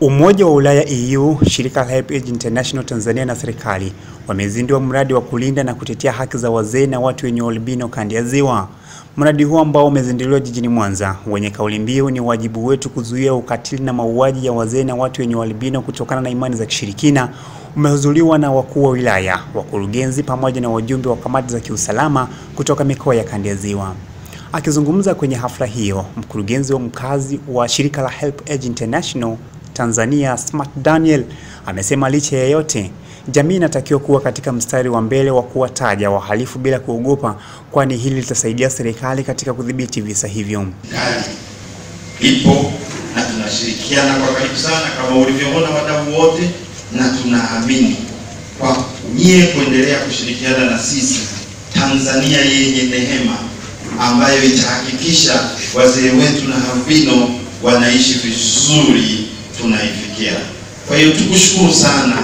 Umoja wa Ulaya EU, shirika la Help International Tanzania na serikali wamezindua mradi wa kulinda na kutetea haki za wazee na watu wenye albino Kanda ya Ziwa. Mradi huo ambao umezinduliwa jijini Mwanza, wenye kauli mbiu ni wajibu wetu kuzuia ukatili na mauaji ya wazee na watu wenye albino kutokana na imani za kishirikina, umehudhuriwa na wakuu wa wilaya, wakurugenzi pamoja na wajumbe wa kamati za kiusalama kutoka mikoa ya Kanda ya Ziwa. Akizungumza kwenye hafla hiyo, mkurugenzi wa mkazi wa shirika la Help International Tanzania Smart Daniel amesema licha ya yote, jamii inatakiwa kuwa katika mstari wa mbele wa kuwataja wahalifu bila kuogopa, kwani hili litasaidia serikali katika kudhibiti visa hivyo. Kazi ipo na tunashirikiana kwa karibu sana kama ulivyoona wadau wote, na tunaamini kwa nyie kuendelea kushirikiana na sisi, Tanzania yenye neema ambayo itahakikisha wazee wetu na havino wanaishi vizuri tunaifikia. Kwa hiyo tukushukuru sana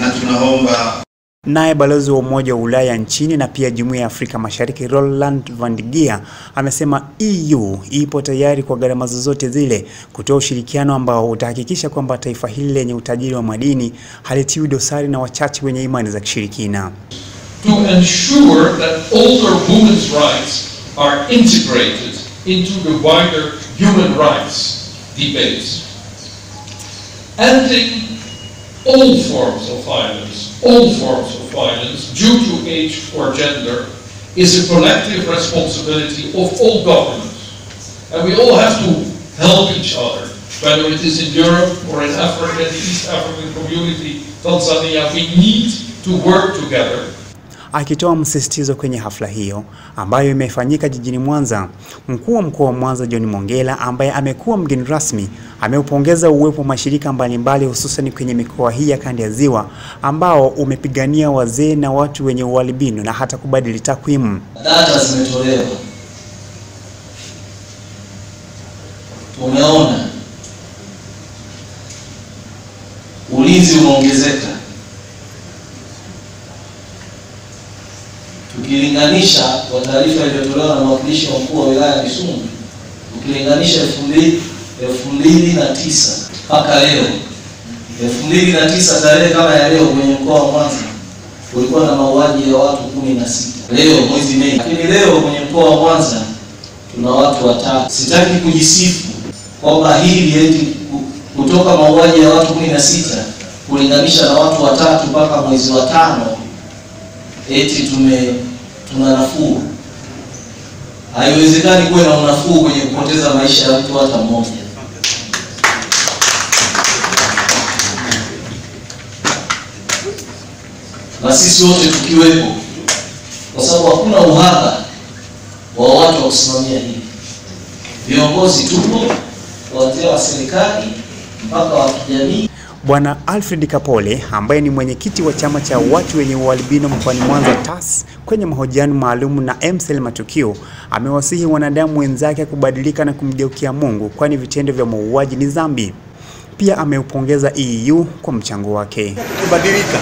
na tunaomba Naye balozi wa Umoja wa Ulaya nchini na pia Jumuiya ya Afrika Mashariki Roland van Gier amesema EU ipo tayari kwa gharama zozote zile kutoa ushirikiano ambao utahakikisha kwamba taifa hili lenye utajiri wa madini halitiwi dosari na wachache wenye imani za kishirikina. To ensure that older women's rights are integrated into the wider human rights debates. ending all forms of violence, all forms of violence due to age or gender is a collective responsibility of all governments. And we all have to help each other, whether it is in Europe or in Africa, the East African community, Tanzania, we need to work together akitoa msisitizo kwenye hafla hiyo ambayo imefanyika jijini Mwanza. Mkuu wa mkoa wa Mwanza John Mongela ambaye amekuwa mgeni rasmi ameupongeza uwepo wa mashirika mbalimbali hususan kwenye mikoa hii ya Kanda ya Ziwa ambao umepigania wazee na watu wenye ualbino na hata kubadili takwimu. Data zimetolewa, tumeona ulinzi umeongezeka ukilinganisha kwa taarifa iliyotolewa na mwakilishi wa mkuu wa wilaya ya Kisumu, ukilinganisha elfu mbili na tisa mpaka leo, elfu mbili na tisa tarehe kama ya leo kwenye mkoa wa Mwanza kulikuwa na mauaji ya watu kumi na sita leo mwezi Mei, lakini leo kwenye mkoa wa Mwanza tuna watu watatu. Sitaki kujisifu kwamba hili eti kutoka mauaji ya watu kumi na sita kulinganisha na watu watatu mpaka mwezi wa tano eti tume tuna nafuu. Haiwezekani kuwe na unafuu kwenye kupoteza maisha ya mtu hata mmoja. Na sisi wote tukiwepo, kwa sababu hakuna uhaba wa watu wa kusimamia hili. Viongozi tupo, kuanzia wa serikali mpaka wa kijamii. Bwana Alfred Kapole ambaye ni mwenyekiti wa chama cha watu wenye ualbino mkoani Mwanza TAS, kwenye mahojiano maalum na MCL Matukio, amewasihi wanadamu wenzake kubadilika na kumgeukia Mungu, kwani vitendo vya mauaji ni dhambi. Pia ameupongeza EU kwa mchango wake. Kubadilika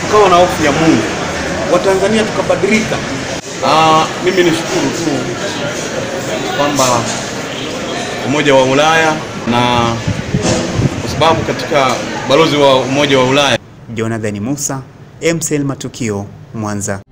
tukawa na hofu ya Mungu, Watanzania tukabadilika. Ah, mimi nishukuru tu kwamba Umoja wa Ulaya na sababu katika balozi wa Umoja wa Ulaya. Jonathan Musa, MCL Matukio, Mwanza.